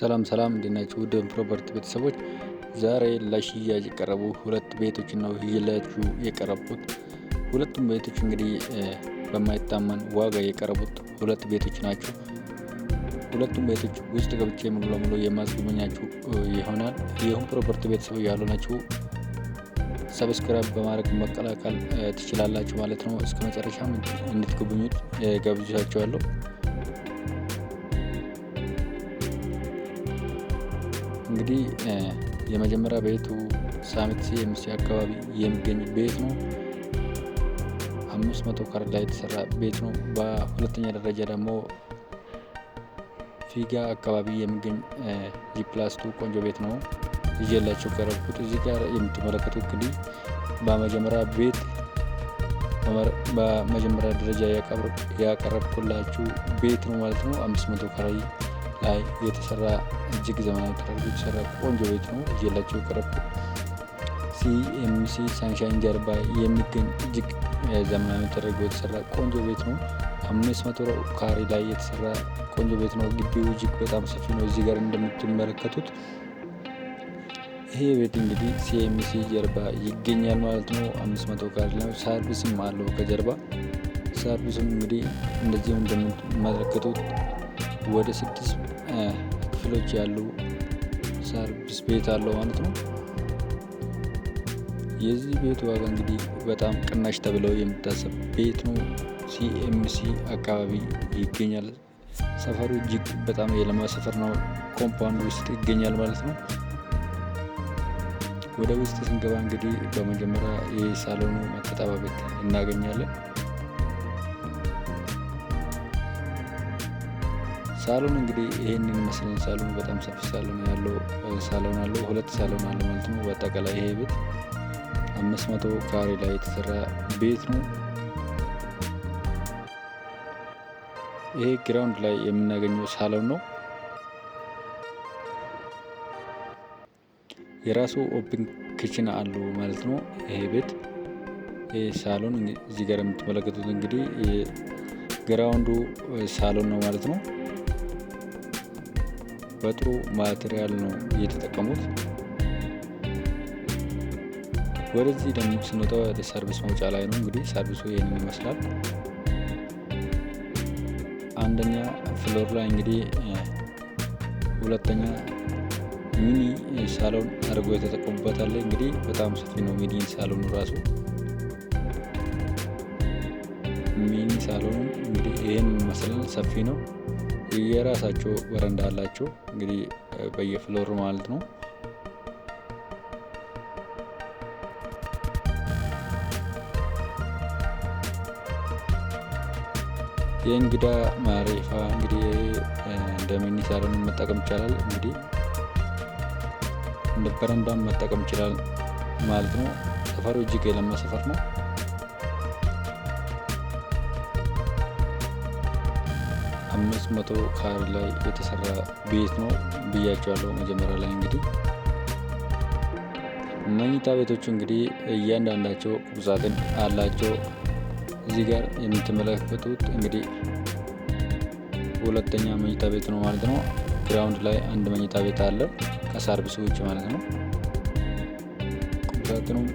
ሰላም ሰላም እንዴት ናችሁ? ውድ ፕሮፐርቲ ቤተሰቦች ዛሬ ለሽያጭ የቀረቡ ሁለት ቤቶች ነው ይላችሁ የቀረቡት። ሁለቱም ቤቶች እንግዲህ በማይታመን ዋጋ የቀረቡት ሁለት ቤቶች ናቸው። ሁለቱም ቤቶች ውስጥ ገብቼ ሙሉ ለሙሉ የማስጎበኛችሁ ይሆናል። ይሁን ፕሮፐርቲ ቤተሰቦች ያሉ ናችሁ ሰብስክራይብ በማድረግ መቀላቀል ትችላላችሁ ማለት ነው። እስከ መጨረሻም እንድትጎበኙት ጋብዣችኋለሁ። እንግዲህ የመጀመሪያ ቤቱ ሳሚት ኤምሲ አካባቢ የሚገኝ ቤት ነው። አምስት መቶ ካሬ ላይ የተሰራ ቤት ነው። በሁለተኛ ደረጃ ደግሞ ፊጋ አካባቢ የሚገኝ ጂፕላስቱ ቆንጆ ቤት ነው ይዤላቸው ቀረብኩት። እዚህ ጋር የምትመለከቱት እንግዲህ በመጀመሪያ ቤት በመጀመሪያ ደረጃ ያቀረብኩላችሁ ቤት ነው ማለት ነው። አምስት መቶ ካሬ ላይ የተሰራ እጅግ ዘመናዊ ተደርጎ የተሰራ ቆንጆ ቤት ነው እየላቸው ቀረብኩ። ሲኤምሲ ሳንሻይን ጀርባ የሚገኝ እጅግ ዘመናዊ ተደርጎ የተሰራ ቆንጆ ቤት ነው። አምስት መቶ ካሬ ላይ የተሰራ ቆንጆ ቤት ነው። ግቢው እጅግ በጣም ሰፊ ነው። እዚህ ጋር እንደምትመለከቱት ይሄ ቤት እንግዲህ ሲኤምሲ ጀርባ ይገኛል ማለት ነው። አምስት መቶ ካሬ ነው። ሰርቪስም አለው ከጀርባ ሰርቪስም እንግዲህ እንደዚህም እንደምትመለከቱት ወደ ስድስት ክፍሎች ያለው ሰርቪስ ቤት አለው ማለት ነው። የዚህ ቤት ዋጋ እንግዲህ በጣም ቅናሽ ተብለው የሚታሰብ ቤት ነው። ሲኤምሲ አካባቢ ይገኛል። ሰፈሩ እጅግ በጣም የለማ ሰፈር ነው። ኮምፓውንድ ውስጥ ይገኛል ማለት ነው። ወደ ውስጥ ስንገባ እንግዲህ በመጀመሪያ የሳሎኑ መጠጣቢያ እናገኛለን። ሳሎን እንግዲህ ይህን የሚመስለን ሳሎን በጣም ሰፊ ሳሎን ያለው ሳሎን አለው። ሁለት ሳሎን አለው ማለት ነው። በአጠቃላይ ይሄ ቤት አምስት መቶ ካሬ ላይ የተሰራ ቤት ነው። ይሄ ግራውንድ ላይ የምናገኘው ሳሎን ነው። የራሱ ኦፕን ክችን አለው ማለት ነው። ይሄ ቤት ይህ ሳሎን እዚህ ጋር የምትመለከቱት እንግዲህ ግራውንዱ ሳሎን ነው ማለት ነው። በጥሩ ማቴሪያል ነው የተጠቀሙት። ወደዚህ ደግሞ ስንወጣው ወደ ሰርቪስ መውጫ ላይ ነው። እንግዲህ ሰርቪሱ ይህንን ይመስላል። አንደኛ ፍሎር ላይ እንግዲህ ሁለተኛ ሚኒ ሳሎን አድርጎ የተጠቀሙበታል። እንግዲህ በጣም ሰፊ ነው ሚኒ ሳሎኑ ራሱ ሚኒ ሳሎኑ እንግዲህ ይህን ይመስላል። ሰፊ ነው። የራሳቸው በረንዳ አላቸው እንግዲህ በየፍሎር ማለት ነው። የእንግዳ ማረፊያ እንግዲህ እንደሚኒ ሳሎን መጠቀም ይቻላል። እንግዲህ እንደ በረንዳም መጠቀም ይችላል ማለት ነው። ሰፈሩ እጅግ የለማ ሰፈር ነው። አምስት መቶ ካሬ ላይ የተሰራ ቤት ነው ብያቸዋለሁ መጀመሪያ ላይ እንግዲህ መኝታ ቤቶቹ እንግዲህ እያንዳንዳቸው ቁምሳጥን አላቸው። እዚህ ጋር የምትመለከቱት እንግዲህ ሁለተኛ መኝታ ቤት ነው ማለት ነው። ግራውንድ ላይ አንድ መኝታ ቤት አለ ከሰርቪሱ ውጭ ማለት ነው። ቁምሳጥኑም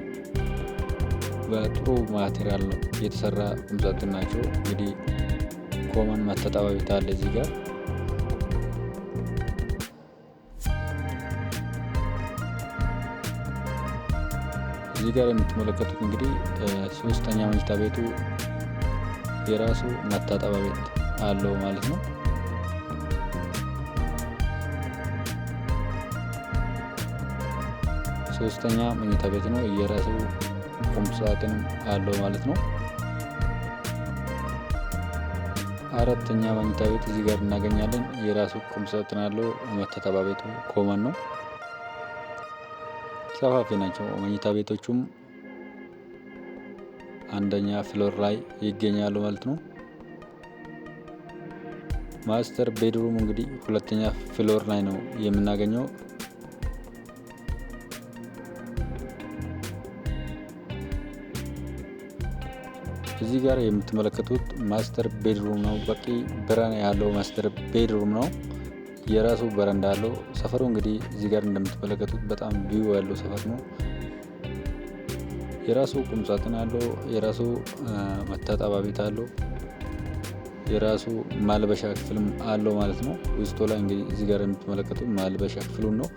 በጥሩ ማቴሪያል ነው የተሰራ ቁምሳጥን ናቸው እንግዲህ ኮመን መታጠቢያ አለ እዚህ ጋር እዚህ ጋር የምትመለከቱት እንግዲህ ሶስተኛ መኝታ ቤቱ የራሱ መታጠቢያ ቤት አለው ማለት ነው። ሶስተኛ መኝታ ቤት ነው። የራሱ ቁም ሳጥን አለው ማለት ነው። አራተኛ መኝታ ቤት እዚህ ጋር እናገኛለን። የራሱ ቁም ሳጥን አለው። መተተባ ቤቱ ኮመን ነው። ሰፋፊ ናቸው መኝታ ቤቶቹም አንደኛ ፍሎር ላይ ይገኛሉ ማለት ነው። ማስተር ቤድሩም እንግዲህ ሁለተኛ ፍሎር ላይ ነው የምናገኘው። እዚህ ጋር የምትመለከቱት ማስተር ቤድሩም ነው። በቂ ብረን ያለው ማስተር ቤድሩም ነው። የራሱ በረንዳ አለው። ሰፈሩ እንግዲህ እዚህ ጋር እንደምትመለከቱት በጣም ቢዩ ያለው ሰፈር ነው። የራሱ ቁምሳጥን አለው። የራሱ መታጠቢያ ቤት አለው። የራሱ ማልበሻ ክፍልም አለው ማለት ነው። ውስጡ ላይ እንግዲህ እዚህ ጋር የምትመለከቱት ማልበሻ ክፍሉን ነው።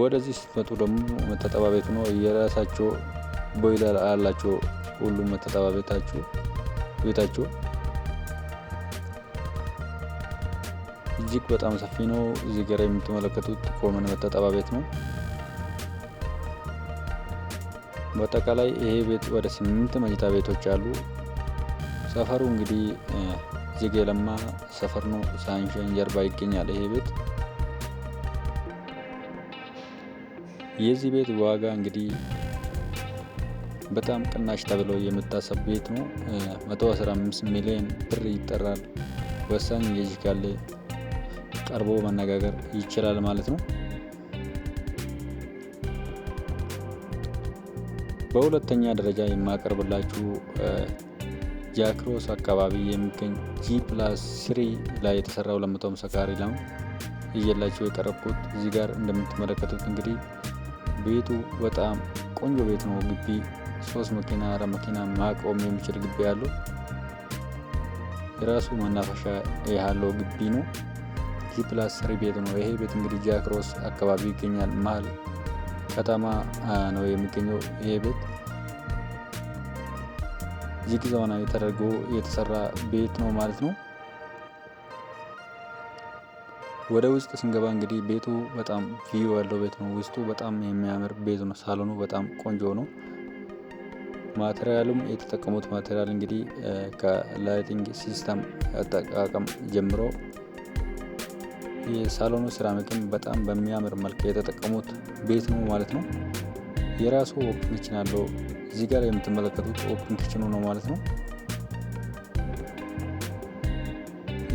ወደዚህ ስትመጡ ደግሞ መታጠቢያ ቤት ነው። የራሳቸው ቦይለር አላቸው። ሁሉም መታጠቢያ ቤታቸው ቤታቸው እጅግ በጣም ሰፊ ነው። እዚህ ጋር የምትመለከቱት ኮመን መታጠቢያ ቤት ነው። በአጠቃላይ ይሄ ቤት ወደ ስምንት መኝታ ቤቶች አሉ። ሰፈሩ እንግዲህ ዜጌ ለማ ሰፈር ነው። ሳንሸን ጀርባ ይገኛል ይሄ ቤት። የዚህ ቤት ዋጋ እንግዲህ በጣም ቅናሽ ተብሎ የምታሰብ ቤት ነው። 115 ሚሊዮን ብር ይጠራል። ወሳኝ ልጅ ካለ ቀርቦ መነጋገር ይችላል ማለት ነው። በሁለተኛ ደረጃ የማቀርብላችሁ ጃክሮስ አካባቢ የሚገኝ ጂ ፕላስ ስሪ ላይ የተሰራው ለመቶ አምሳ ለም ነው የቀረብኩት። እዚህ ጋር እንደምትመለከቱት እንግዲህ ቤቱ በጣም ቆንጆ ቤት ነው። ግቢ ሶስት መኪና አራት መኪና ማቆም የሚችል ግቢ ያለው የራሱ መናፈሻ ያለው ግቢ ነው። ጂ ፕላስ ስሪ ቤት ነው። ይሄ ቤት እንግዲህ ጃክሮስ አካባቢ ይገኛል። መሀል ከተማ ነው የሚገኘው ይሄ ቤት እጅግ ዘመናዊ ተደርጎ የተሰራ ቤት ነው ማለት ነው። ወደ ውስጥ ስንገባ እንግዲህ ቤቱ በጣም ቪዩ ያለው ቤት ነው። ውስጡ በጣም የሚያምር ቤት ነው። ሳሎኑ በጣም ቆንጆ ነው። ማቴሪያሉም የተጠቀሙት ማቴሪያል እንግዲህ ከላይቲንግ ሲስተም አጠቃቀም ጀምሮ የሳሎኑ ሴራሚክም በጣም በሚያምር መልክ የተጠቀሙት ቤት ነው ማለት ነው። የራሱ ኦፕን ኪችን አለው። እዚህ ጋር የምትመለከቱት ኦፕን ኪችኑ ነው ማለት ነው።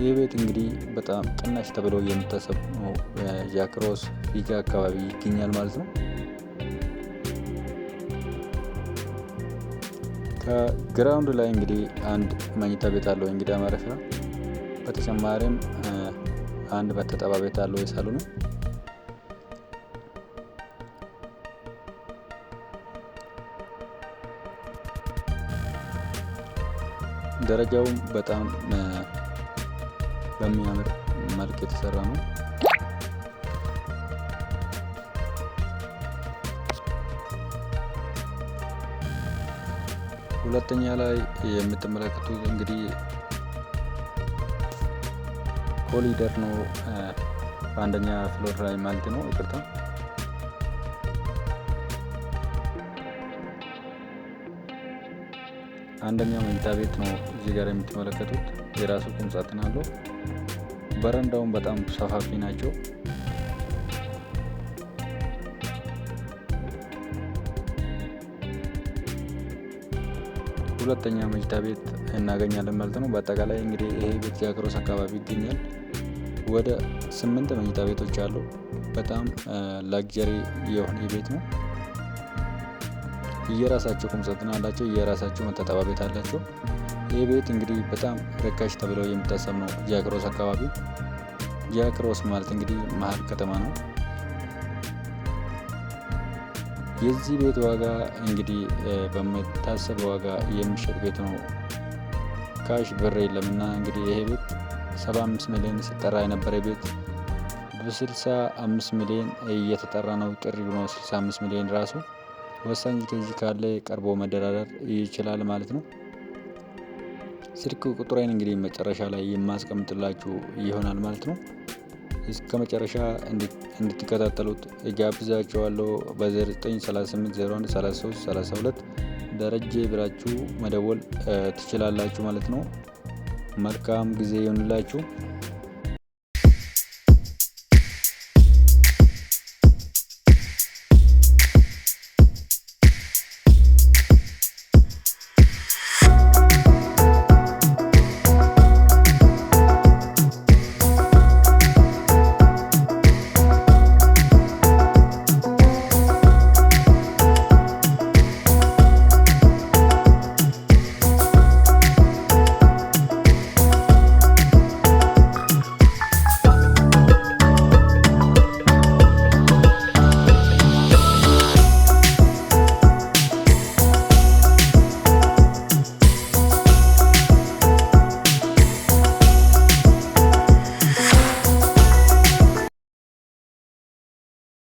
ይህ ቤት እንግዲህ በጣም ቅናሽ ተብለው የሚታሰብ ነው። ዣክሮስ ፊጋ አካባቢ ይገኛል ማለት ነው። ከግራውንድ ላይ እንግዲህ አንድ መኝታ ቤት አለው የእንግዳ ማረፊያ። በተጨማሪም አንድ መተጠባ ቤት አለው የሳሎኑ ደረጃውም በጣም በሚያምር መልክ የተሰራ ነው። ሁለተኛ ላይ የምትመለከቱት እንግዲህ ኮሊደር ነው። በአንደኛ ፍሎር ላይ ማለት ነው። ይቅርታ አንደኛው መኝታ ቤት ነው። እዚህ ጋር የምትመለከቱት የራሱ ቁም ሳጥን አለው። በረንዳውን በጣም ሰፋፊ ናቸው። ሁለተኛ መኝታ ቤት እናገኛለን ማለት ነው። በአጠቃላይ እንግዲህ ይሄ ቤት ያክሮስ አካባቢ ይገኛል። ወደ ስምንት መኝታ ቤቶች አሉ። በጣም ላግጀሪ የሆነ ቤት ነው። የራሳቸው ቁም አላቸው፣ የራሳቸው መታጠቢያ ቤት አላቸው። ይህ ቤት እንግዲህ በጣም ርካሽ ተብለው የሚታሰብ ነው። ጃክሮስ አካባቢ ጃክሮስ ማለት እንግዲህ መሀል ከተማ ነው። የዚህ ቤት ዋጋ እንግዲህ በመታሰብ ዋጋ የሚሸጥ ቤት ነው። ካሽ ብር እና እንግዲህ ይሄ ቤት 75 ሚሊዮን ሲጠራ የነበረ ቤት በ65 ሚሊዮን እየተጠራ ነው። ጥሪ ነው 65 ሚሊዮን ራሱ ወሳኝ ኬዝ ካለ ቀርቦ መደራደር ይችላል ማለት ነው። ስልክ ቁጥሬን እንግዲህ መጨረሻ ላይ የማስቀምጥላችሁ ይሆናል ማለት ነው። እስከ መጨረሻ እንድትከታተሉት እጋብዛችኋለሁ። በ0938013332 ደረጀ ብላችሁ መደወል ትችላላችሁ ማለት ነው። መልካም ጊዜ ይሆንላችሁ።